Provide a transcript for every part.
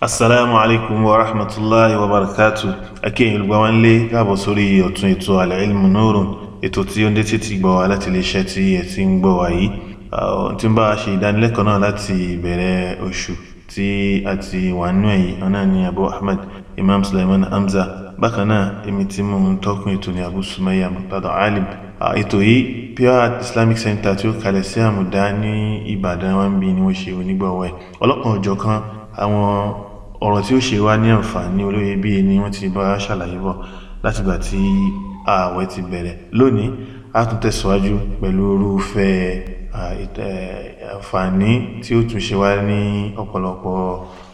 asalaamu alaykum wa rahmatulahi wa barakatu akínyìn olùgbàwọn lé káàbọ̀ sórí ọ̀tún ètò Al-Ilmu Nurun ètò tí ó ń détí ti gbọ́ wa láti iléeṣẹ́ tí ẹ ti ń gbọ́ wa yìí tí ń bá a ṣe ìdánilẹ́kọ̀ọ́ náà láti ìbẹ̀rẹ̀ oṣù tí a ti wà nínú ẹ̀yìn ọ̀nà ni Abu Ahmad Imam Sulaiman Hamza bákan náà èmi tí mò ń tọ́kùn ètò ní Abu Sumayya Muqtada Alim ètò yìí pure islamic center tí ó kalẹ̀ sí àmùdá ní Ìbàdàn wọn bí ni wọ́n ṣe onígbọ̀wọ́ ẹ̀ ọlọ́kan òjọ̀kan àwọn ọ̀rọ̀ tí ó ṣe wá ní àǹfààní olóyebíye ni wọ́n ti bá ṣàlàyé bọ̀ látìgbà tí ààwẹ̀ ti bẹ̀rẹ̀ lónìí a tún tẹ̀síwájú pẹ̀lú irúfẹ́ àǹfààní tí ó tún ṣe wá ní ọ̀pọ̀lọpọ̀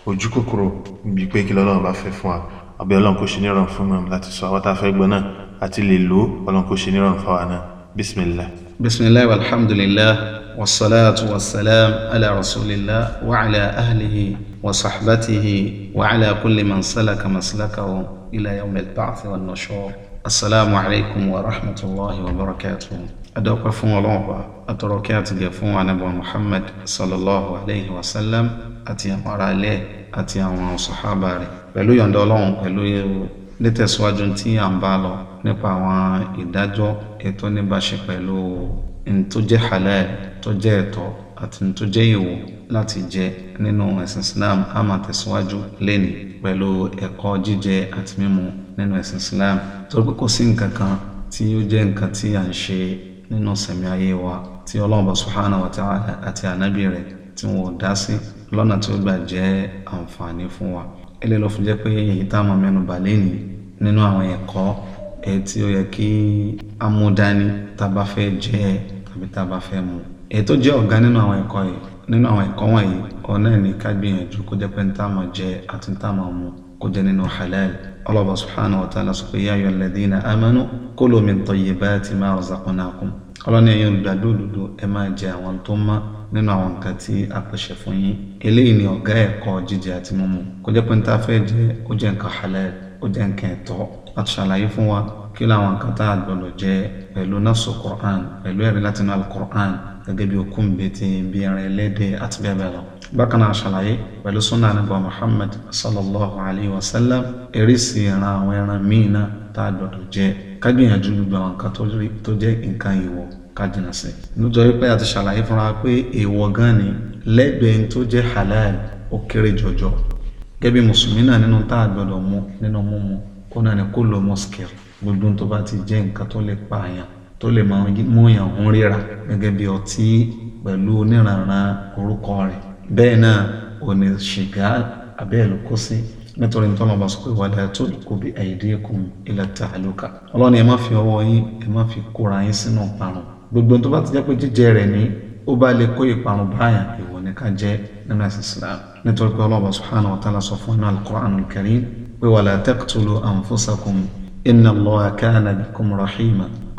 ojú kòkòrò bíi pé kí lọ́lọ́run bá fẹ́ fún wa àbí ọlọ́run kò ṣe nírọ̀rùn fún mi láti sọ àwọn tá a náà àti lè lò ó ọlọ́run kò ṣe nírọ̀rùn fún wa náà bisimilah. bisimilah alhamdulilah wasalaatu wasalaam ala rasulillah wa ala ahlihi. وصحبته وعلى كل من سلك مسلكه إلى يوم البعث والنشور السلام عليكم ورحمة الله وبركاته أدوك فون الله أتركات جفون نبو محمد صلى الله عليه وسلم أتي أمر عليه أتي أمر صحابة pẹ̀lú yọ̀ǹda ọlọ́run pẹ̀lú nítẹ̀síwájú tí à ń bá lọ nípa àwọn ìdájọ́ ètò níbaṣe pẹ̀lú ntó àti tó jẹ́ èèwọ̀ láti jẹ nínú ẹ̀sìn Islam a máa tẹ̀síwájú lẹ́nìí pẹ̀lú ẹ̀kọ́ jíjẹ àti mímu nínú ẹ̀sìn Islam torí pé kò sí nǹkan kan tí ó jẹ́ nǹkan tí à ń ṣe nínú sẹ̀mí ayé wa tí Ọlọ́run subhanahu wa ta'ala àti ànábì rẹ̀ tí wọn ò dá sí lọ́nà tí ó gbà jẹ́ àǹfààní fún wa eléyìí ló fi jẹ́ pé èyí tá a máa mẹ́nu bà lẹ́nìí nínú àwọn ẹ̀kọ́ ẹ̀ tí ó yẹ kí amúdání tá a bá fẹ́ jẹ tàbí tá a bá fẹ́ mu èyí tó jẹ́ ọ̀gá nínú àwọn ẹ̀kọ́ yìí nínú àwọn ẹ̀kọ́ wọ̀nyí òun náà ni ká gbìyànjú kó jẹ́ pé ń tá máa jẹ àti ń tá máa mu kó jẹ́ nínú halal Allah subhanahu wa ta'ala sọ pé ya ayyuhal ladhina amanu kulu min tayyibati ma razaqnakum ọlọ́ni ẹ̀yin olùgbàdo òdodo ẹ máa jẹ àwọn tó mọ́ nínú àwọn nǹkan tí a pèsè fún yín eléyìí ni ọ̀gá ẹ̀kọ́ jíjẹ àti mímu kó jẹ́ pé ń tá fẹ́ jẹ ó jẹ́ nǹkan halal ó jẹ́ nǹkan ẹ̀tọ́ láti ṣàlàyé fún wa kí làwọn nǹkan tá a gbọ́dọ̀ jẹ pẹ̀lú nasu Qur'an pẹ̀lú ẹ̀rí látinú al-Qur'an gẹ́gẹ́ bí okun bẹ́tẹ̀ bí ara ẹlẹ́dẹ̀ àti bẹ́ẹ̀ bẹ́ẹ̀ lọ. bákan náà ṣàlàyé pẹ̀lú sunna nípa muhammad sallallahu alayhi wa sallam eréṣì ìran àwọn ẹran míì náà tá a gbọdọ̀ jẹ ká gbìyànjú gbogbo àwọn nǹkan tó jẹ́ nǹkan ìwọ̀ ká jìnnà sí. níjọ wípé àti ṣàlàyé fúnra pé èèwọ̀ gan ni lẹ́gbẹ̀ẹ́ tó jẹ́ halal ó kéré jọjọ gẹ́gẹ́ mùsùlùmí náà nínú tá a gbọdọ̀ mú nínú mímu kó náà ni kó lọ mọ́sìkì gbogbo tó bá ti jẹ́ nǹkan tó lè pààyàn tó lè máa mú yàn ń ríra gẹ́gẹ́ bí ọtí pẹ̀lú oníranran orúkọ rẹ̀ bẹ́ẹ̀ náà ò ní ṣìgá abẹ́ẹ̀ ló kó sí nítorí nítorí ọba sọ pé wàlẹ̀ tó kò bí aydiyakum ila ta'aluka ọlọ́ni ẹ má fi ọwọ́ yín ẹ má fi kóra yín sínú parun gbogbo tó bá ti jẹ́ pé jíjẹ rẹ̀ ní ó bá lè kó ìparun báyà ìwọ ní ká jẹ́ nínú ẹ̀sìn Islam nítorí pé ọlọ́ba subhanahu wa ta'ala sọ fún inú al-Qur'anul karim pé wala taqtulu anfusakum inna Allaha kana bikum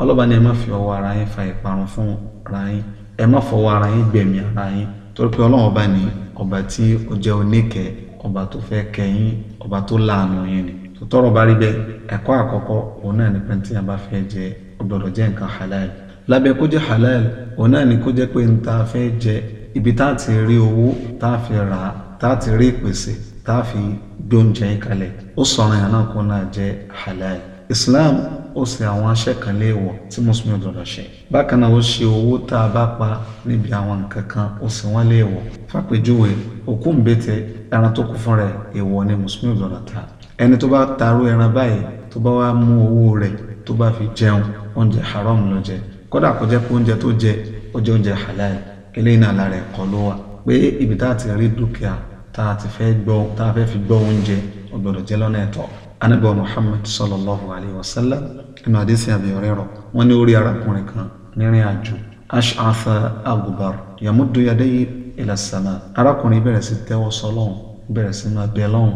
ọlọ́ba ni ẹ má fi ọwọ́ ara yín fa ìparun fún ara yín ẹ má fọwọ́ ara yín gbẹ̀mí ara yín torí pé ọlọ́run ọba ni ọba tí ó jẹ́ oníkẹ́ ọba tó fẹ́ kẹ́yìn ọba tó láàánú yín ni tọ́rọ̀ bá rí bẹ́ẹ̀ ẹ̀kọ́ àkọ́kọ́ òun náà ni pẹ́ntì yẹn fẹ́ jẹ ó jẹ́ nǹkan halal lábẹ́ kó jẹ́ halal òun náà ni kó jẹ́ pé nta fẹ́ jẹ ibi tá a ti rí owó tá a fi rà á tá a ti rí ìpèsè tá a fi gbóúnjẹ kalẹ̀ ó sọ̀rọ̀ yẹn náà kó náà jẹ́ halal Islam ó ṣe àwọn aṣẹ́ kan léèwọ̀ tí mùsùlùmí ò gbọdọ̀ ṣe bákan náà ó ṣe owó tá a bá pa níbi àwọn nǹkan kan ó ṣe wọ́n léèwọ̀ fàpèjúwe òkú ń bẹ́tẹ̀ ẹran tó kú fún rẹ̀ èèwọ̀ ni mùsùlùmí ò gbọdọ̀ ta ẹni tó bá tarú ẹran báyìí tó bá wá mú owó rẹ̀ tó bá fi jẹun oúnjẹ haram ló jẹ kódà kó jẹ́ pé oúnjẹ tó jẹ ó jẹ oúnjẹ halal eléyìí náà lára ẹ̀kọ́ ló wà pé ibi tá a ti rí dúkìá tá a ti fẹ́ gbọ́ tá a fẹ́ fi gbọ́ oúnjẹ ó jẹ́ lọ́nà ẹ̀tọ́ anábọ̀ muhammad sallallahu alayhi wa sallam nínú àdéhùn àbí ọ̀rẹ́ rọ̀ wọ́n ní orí arákùnrin kan rìnrìn àjò ash'atha agubar yamuddu yadayhi ila sama arákùnrin bẹ̀rẹ̀ sí tẹ́wọ́ sọ́lọ́hún bẹ̀rẹ̀ sí máa bẹ lọ́hún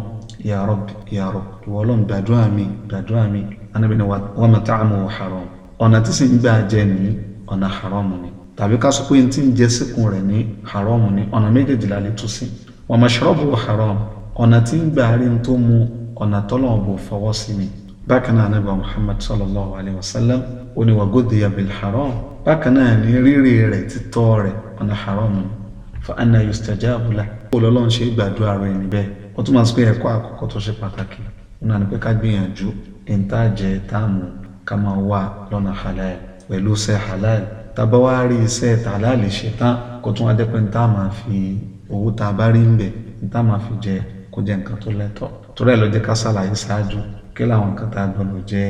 ya Rabbi ya Rabbi ìwọ ọlọ́run gbàdúrà mi gbàdúrà mi anábì ni wa mat'amuhu haram ọ̀nà tí sì ń gbà jẹ ní ọ̀nà haram ni tàbí ká sọ pé n ti ń jẹ síkùn rẹ̀ ní haram ni ọ̀nà méjèèjìlá lè tún sí wa mashrabuhu haram ọ̀nà tí ń gbà rí n tó mu ọ̀nà tọ́lọ̀ bò fọwọ́ sí mi bákan náà anábà muhammad sallallahu alayhi wa sallam ó ní wàgódìyà bil haram bákan náà ní rírì rẹ̀ títọ́ rẹ̀ ọ̀nà haram fa anna yustajabu lah olólùn ṣe gbàdúrà rẹ̀ níbẹ̀ ó tún máa sọ pé ẹ̀kọ́ àkọ́kọ́ tó ṣe pàtàkì ó náà ní pé ká gbìyànjú ìntajẹ táàmù ká máa wà lọ́nà halal pẹ̀lú iṣẹ́ halal tàbá rí iṣẹ́ halal ṣe tán kó tún wá dẹ́pẹ́ ní máa fi owó tá a bá rí ń bẹ̀ ní máa fi jẹ kó jẹ nǹkan tó lẹ́tọ̀ọ́ torí ẹ̀ ló jẹ́ ká ṣàlàyé ṣáájú kí làwọn nǹkan tá a gbọ́dọ̀ jẹ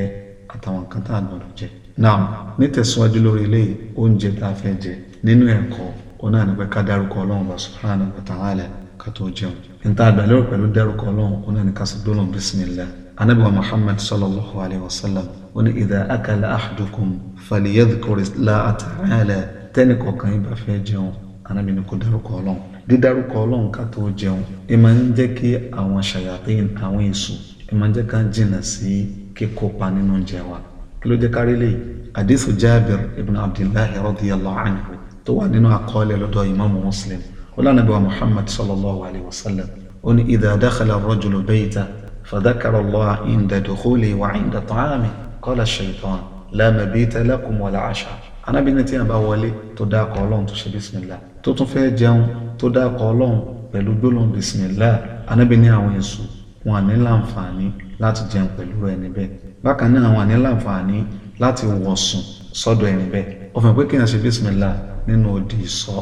àtàwọn nǹkan tá a gbọ́dọ̀ jẹ. now nítẹ̀síwájú lórí eléyìí oúnjẹ tá a fẹ́ jẹ nínú ẹ̀kọ́ òun náà ní pé ká dárúkọ ọlọ́run bá subhanahu wa ta'ala ká tó jẹun. níta àgbàlérò pẹ̀lú dárúkọ ọlọ́run òun náà ní ká sì gbólóhùn bismillah anabi wa muhammad sallallahu alayhi wa sallam ó ní idha akala ahadukum falyadhkuri llaha ta'ala tẹ́nì kọ̀ọ̀kan yín bá fẹ́ jẹun anabi ní kó dárúkọ ọlọ́run dídárúkọ ọlọ́run ká tó jẹun ẹ ń jẹ́ kí àwọn ṣàyàtìn àwọn èṣù ẹ máa jẹ́ ká jìnnà sí kíkópa nínú oúnjẹ wa kí ló jẹ́ kárí lè àdìsù Jabir ibn Abdullahi radiyallahu anhu tó wà nínú àkọọ́lẹ̀ lọ́dọ̀ Imam Muslim olànàbẹ̀wà Muhammad sallallahu alayhi wa sallam ó ní idha dakhala ar-rajulu bayta fadhakara Allah inda dukhulihi wa inda ta'amihi qala ash-shaytan la mabita lakum wala 'asha anábìnrin tí a bá wọlé tó dákọ̀ ọlọ́run tó ṣe bísímìlá tó tún fẹ́ jẹun tó dákọ̀ ọlọ́run pẹ̀lú gbólóhùn bísímìlá anábìnrin àwọn èso wọn à ní láǹfààní láti jẹun pẹ̀lú ẹni bẹ́ẹ̀ bákan náà wọn à ní láǹfààní láti wọ̀sùn sọ́dọ̀ ẹni bẹ́ẹ̀ ó fẹ́ pé kéèyàn ṣe bísímìlà nínú odi ìsọ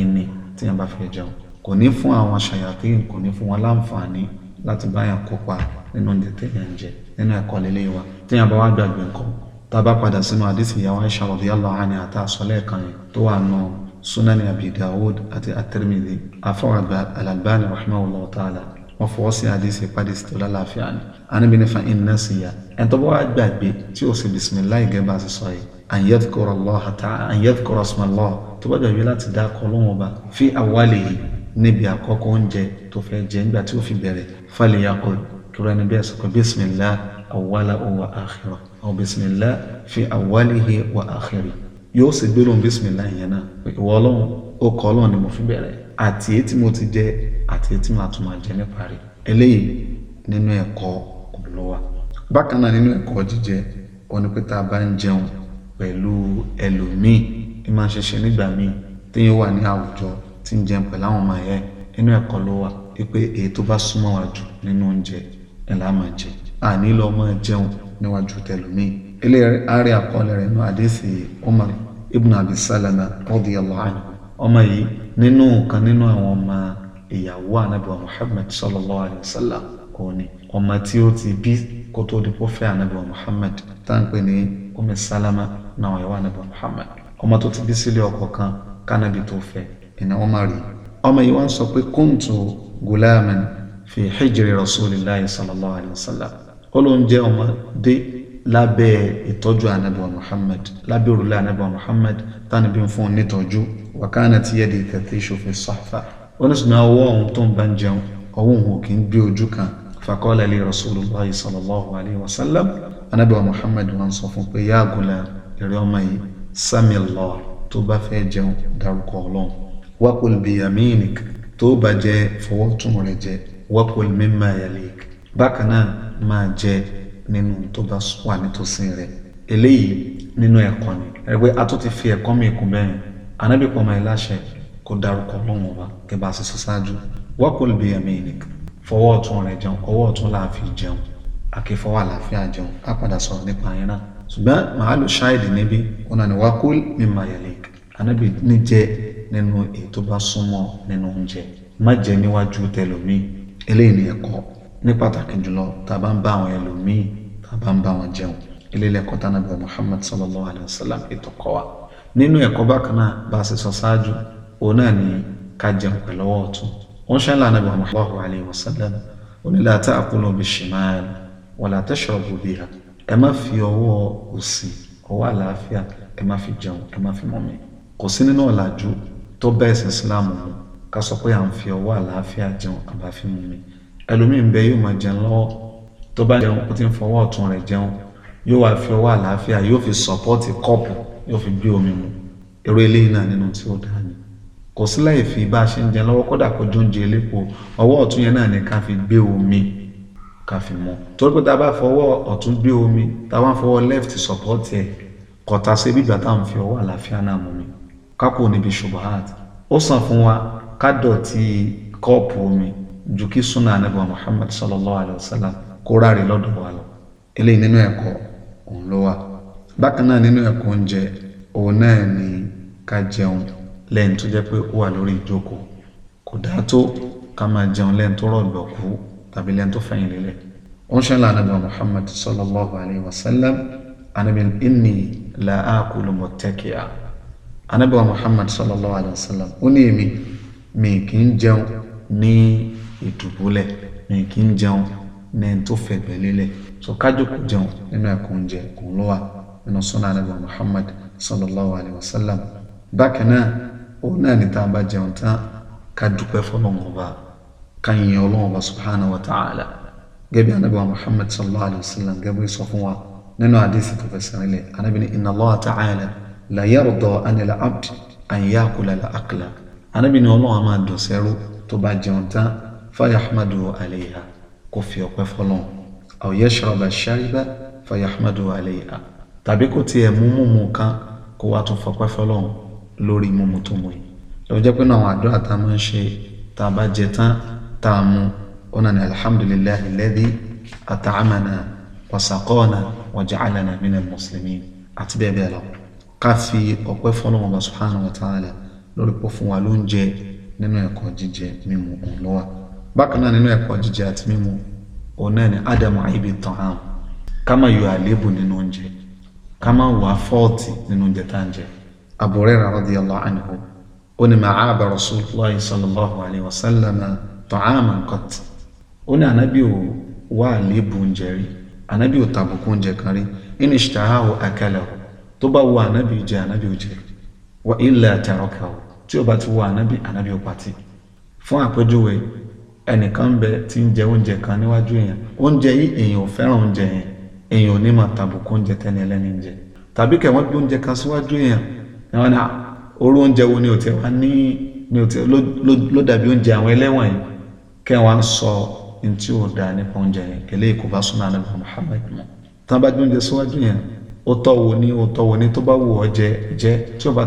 ẹni tí yẹn bá fẹ́ jẹun kò ní fún àwọn ṣàyàtìn kò ní fún wọn láǹfààní láti báyàn kópa nínú oúnjẹ téèyàn ń jẹ nínú ẹ̀kọ́ lílé wa téèyàn bá wá gbàgbé nǹkan tá a bá padà sínú àdìsí ìyàwó Aisha radiyallahu anha àti àsọlẹ̀ kan yẹn tó wà nù Sunani Abi Dawud àti at-Tirmidhi afọwàgbà Al-Albani rahimahullahu ta'ala wọ́n fọwọ́ sí àdìsí ìpàdé sí tó lálàáfíà ni Ànábì ní fa iná sí ya ẹni tó bá wá gbàgbé tí ó sì bisimilayi gẹ́gbà sí sọ yìí àyẹ̀tù kọ̀rọ̀ lọ́ àtà àyẹ̀tù kọ̀rọ̀ sùnmọ̀ lọ́ tó bá gbàgbé láti dá akọ lóhùn ọba fi àwálè yìí níbi àkọ́kọ́ oúnjẹ tó fẹ́ jẹ nígbà tí ó fi bẹ̀rẹ̀ falẹ̀ yakọ kúrò ẹni bẹ́ẹ̀ sọ pé bisimilá awala wa àkìrọ̀ àwọn bisimilá fi àwálè yìí wa àkìrọ̀ yóò sì gbéròn bisimilá yẹn náà ìwọ ọlọ́run ó ni mo fi bẹ̀rẹ̀ àti èyí tí mo ti jẹ àti èyí tí màá tún máa jẹ nípa rẹ̀ eléyìí nínú ẹ̀kọ́ olówà bákan náà nínú ẹ̀kọ́ jíjẹ ó ní pé tá a bá ń jẹun pẹ̀lú ẹlòmíì ní máa ń ṣiṣẹ́ nígbà míì téèyàn wà ní àwùjọ tí ń jẹun pẹ̀lú àwọn ọmọ ẹ̀ nínú ẹ̀kọ́ ló wà pé èyí tó bá súnmọ́ wa jù nínú oúnjẹ ẹ̀ là máa jẹ àní lọ máa jẹun níwájú tẹlòmíì eléyìí àárẹ̀ àkọọ́lẹ̀ rẹ̀ nínú àdéhìsì Umar ibn Abi Salama radiyallahu anhu ọmọ yìí nínú nǹkan nínú àwọn ọmọ ìyàwó anabi wa muhammed sallallahu alayhi wa sallam òun ni ọmọ tí ó ti bí kó tó di kó fẹ́ anabi wa muhammed tá à ń pè ní umi salama náà ìyàwó anabi wa muhammed ọmọ tó ti bí sílé ọkọ kan kánabi tó fẹ́ ìná ọmọ rí ọmọ yìí wá sọ pé kóńtù gulaman fi hijri rasulillahi sallallahu alayhi wa sallam ó ló ń jẹ́ ọmọdé lábẹ́ ìtọ́jú anabiwa muhammad lábẹ́ òrùlé anabiwa muhammad tani bí n fún un nítọ́jú wàkánà tí yẹ di tẹ̀tẹ̀ ìṣòfin sáfà oníṣùnà ọwọ́ ọ̀hún tó ń bá ń jẹun ọwọ́ òun kì í gbé ojú kan fakọ́lá lè rasulillah sallallahu alayhi wa sallam anabiwa muhammad wà ń sọ fún pé yá àgùlà ìrẹ́ ọmọ yìí sami Allah tó bá fẹ́ jẹun dárúkọ ọlọ́run wákùl biyaminik tó bá jẹ fọwọ́ tún rẹ jẹ wákùl mimma bákan náà máa jẹ nínú tó bá wà nítòsí rẹ̀ eléyìí nínú ẹ̀kọ́ ni ẹgbẹ́ a tún ti fi ẹ̀kọ́ mi kún bẹ́yìn anábì pọ̀ máa láṣẹ kó dárúkọ lọ́wọ́n ọba kí bá a ṣe sọ ṣáájú wakul bi yaminik fọwọ́ ọ̀tún rẹ̀ jẹun ọwọ́ ọ̀tún láàfin jẹun àkẹ́fọwọ́ àlàáfíà jẹun á padà sọ̀rọ̀ nípa yẹn náà ṣùgbọ́n màálù ṣáìdì níbi ọ̀nà ni wakul mimma yalik anábì ní jẹ nínú èyí tó bá súnmọ́ nínú oúnjẹ má jẹ níwájú tẹlómi eléyìí ni ẹ̀kọ́ ní pàtàkì jùlọ tá a bá ń bá àwọn ẹlòmíì tá a bá ń bá wọn jẹun eléyìí ẹ̀kọ́ tá nàbẹ Muhammad sallallahu alayhi wa sallam ètò kọ́ wa nínú ẹ̀kọ́ bákan náà bá a ṣe sọ ṣáájú òun náà ní ká jẹun pẹ̀lú ọwọ́ ọ̀tún wọn ṣẹlẹ nàbẹ Muhammad alayhi wa sallam onílà tá a kúlọ bí shimal wala tashrabu biha ẹ má fi ọwọ́ òsì ọwọ́ àlàáfíà ẹ má fi jẹun ẹ má fi mọmi kò sí nínú ọ̀làjú tó bẹ́ẹ̀ sí mu ká sọ pé à ń fi ọwọ́ àlàáfíà jẹun àbáfímú mi ẹlòmíín bẹ yóò máa jẹun lọ́wọ́ tó bá jẹun ó ti ń fọwọ́ ọ̀tún rẹ̀ jẹun yóò wá fi ọwọ́ àlàáfíà yóò fi sọ́pọ́ọ̀tì kọ́ọ̀pù yóò fi gbé omi mu eré eléyìí náà nínú tí ó dáa ni kò sí láì fi bá a ṣe ń jẹun lọ́wọ́ kódà kó jóúnjẹ elépo ọwọ́ ọ̀tún yẹn náà ni ká fi gbé omi ká fi mu torí pé tá a bá fọwọ́ ọ̀tún gbé omi tá a wá fọwọ́ left sọ́pọ́ọ̀tì ẹ̀ kọ̀tà sí ibi ìgbà tá à ń fi ọwọ́ àlàáfíà náà mu mi ká kò níbi ṣubahat ó sàn fún wa ká dọ̀tí kọ́ọ̀pù omi ju kí súnà anábọ̀ Muhammad sallallahu alayhi wa sallam kó ráre lọ́dọ̀ wa lọ eléyìí nínú ẹ̀kọ́ òun ló wà bákan náà nínú ẹ̀kọ́ oúnjẹ òun náà ní ká jẹun lẹ́yìn tó jẹ́ pé ó wà lórí ìjókòó kò dáa tó ká máa jẹun lẹ́yìn tó rọ̀gbọ̀ kú tàbí lẹ́yìn tó fẹ̀yìn lélẹ̀ ó ń ṣẹlẹ̀ Muhammad sallallahu alayhi wa sallam anábì inni la akulu muttaki'a anábọ̀ Muhammad sallallahu alayhi wa sallam ó ní èmi mi kì í jẹun ní ìdùbúlẹ̀ mi kì í jẹun ní ẹni tó fẹ̀gbẹ́ lélẹ̀ so kájòkó jẹun nínú ẹ̀kọ́ oúnjẹ òun ló wà nínú sunna anabi muhammad sallallahu alayhi wa sallam bákan náà òun náà ní tá a bá jẹun tán ká dúpẹ́ fọlọ́wọ́n ọba ká yin ọlọ́wọ́n ọba subhanahu wa ta'ala gẹ́gẹ́ bí anabi muhammad sallallahu alayhi wa sallam gẹ́gẹ́ bí sọ fún wa nínú àdìsí tó fẹsẹ̀ nílẹ̀ anabi ní inna allah ta'ala la yarda anil abd an yakula la akla anabi ní ọlọ́wọ́n máa dọ̀sẹ́rú fayahmadu aleha kó fi ọpẹ́ fọ́lọ́run aw yashraba shariba fayahmadu aleha tàbí kò tiẹ̀ mú mímu kan kó wá tún fọpẹ́ fọ́lọ́run lórí mímu tó mu yìí lọ́wọ́ jẹ́ pé náà àwọn àdúrà tá a máa ń ṣe tá a bá jẹ tán tá a mu ó nà ní alhamdulillahi alladhi at'amana wa saqana wa ja'alana minal àti bẹ́ẹ̀ bẹ́ẹ̀ lọ ká fi ọpẹ́ fọ́lọ́run ọba subhanahu wa lórí pọ̀ fún wa lóúnjẹ nínú ẹ̀kọ́ jíjẹ mímu òun lọ́wọ́ bákan náà nínú ẹ̀kọ́ jíjẹ àti mímu òun náà ni ádámù àìbí tán án ká má yọ àléébù nínú oúnjẹ ká má wà fọ́ọ̀tì nínú oúnjẹ tá à ń jẹ. Abu Hurairah radiyallahu anhu ó ní màá àbá Rasulullahi sallallahu alayhi wa sallam ta'aman qat ó ní ànábì ò wá àléébù oúnjẹ rí ànábì ò tàbùkù oúnjẹ kan rí in ishtahahu akalahu tó bá wù ànábì jẹ ànábì ò jẹ wa illa tarakahu tí ó bá ti wù ànábì ànábì ò pàtì fún àpèjúwe ẹnìkan ń bẹ tí ń jẹ oúnjẹ kan níwájú èèyàn oúnjẹ yìí èèyàn ò fẹ́ràn oúnjẹ yẹn èèyàn ò ní máa tàbùkù oúnjẹ tẹ́ni ẹlẹ́ni ń jẹ tàbí kẹ̀ wọ́n gbé oúnjẹ kan síwájú èèyàn ni orú oúnjẹ wo ni ò tẹ́ wá ni ò tẹ́ ló dàbí oúnjẹ àwọn ẹlẹ́wọ̀n yìí kẹ́ wọ́n á sọ ní tí ò dáa nípa oúnjẹ yẹn kò bá súnmọ́ mọ́ tán bá gbé oúnjẹ síwájú ó tọ́ wo ni ó tọ́ wo ni tó wù ti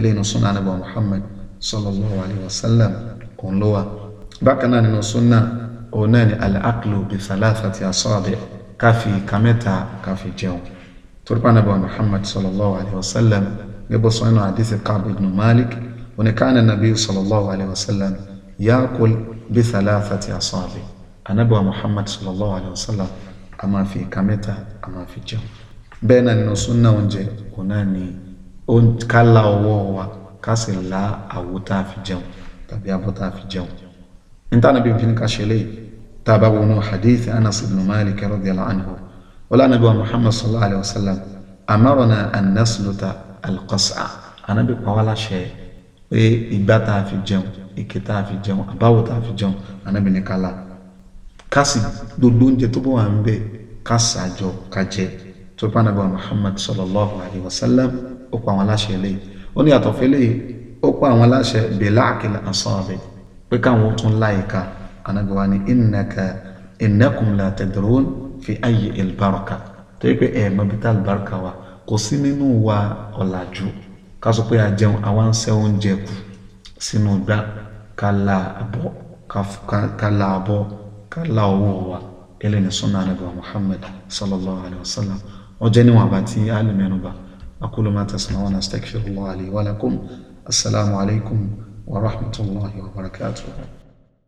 wù sallallahu alayhi wa sallam òun ló wà bákan náà nínú súnà òun náà ni al-aqlu bi thalathati asabi' káfí ìka mẹ́ta káfí jẹun torípa nàbà muhammad sallallahu alayhi wa sallam gẹ́gbọ́ sọ nínú àdìsí káàbù ibn malik òun káàna nàbí sallallahu alayhi wa sallam yaakul bi thalathati asabi' anabiwa muhammad sallallahu alayhi wa sallam a máa jẹun bẹ́ẹ̀ náà nínú súnà oúnjẹ òun náà ni kálá ọwọ́ wa ká sì la àwo tá a fi jẹun tàbí abọ́ tá a fi jẹun níta níbi òfin ká ṣe lè tá a bá wọnú hadith anas ibn malik radiyallahu anhu wọlé anabi wa muhammad sallallahu alayhi wa sallam amarona anasluta alqasa anabi pawala ṣe pé ìgbà tá a fi jẹun ike tá a fi jẹun àbáwò tá a fi jẹun anabi ní kala ká sì gbogbo oúnjẹ tó bá wà ń bẹ ká sàájọ ká jẹ tó bá anabi wa muhammad sallallahu alayhi wa sallam ó pa wọn láṣẹ ó ní àtọ̀ fẹ́lẹ́ yìí ó pa àwọn aláṣẹ bẹ̀lá àkìlẹ̀ àsọ̀rẹ̀ pé káwọn tún láyìíká anagbawa ni ìnàkà ìnàkùn la tẹ̀dọ̀rọ̀ fi ayé ìlbáraka tó yẹ pé ẹ̀ẹ̀mọ́ bí tá ìlbáraka wa kò sí nínú wa ọ̀làjú ká sọ pé àjẹun àwa ń ṣe oúnjẹ kù sínú gbá ká la àbọ̀ ká la àbọ̀ owó wa eléyìí ni anagbawa Muhammad sallallahu alayhi wa sallam ọjọ́ níwọ̀n àbá tí alẹ́ mẹ́nu bá. أقول ما تسمعون أستغفر الله لي ولكم السلام عليكم ورحمة الله وبركاته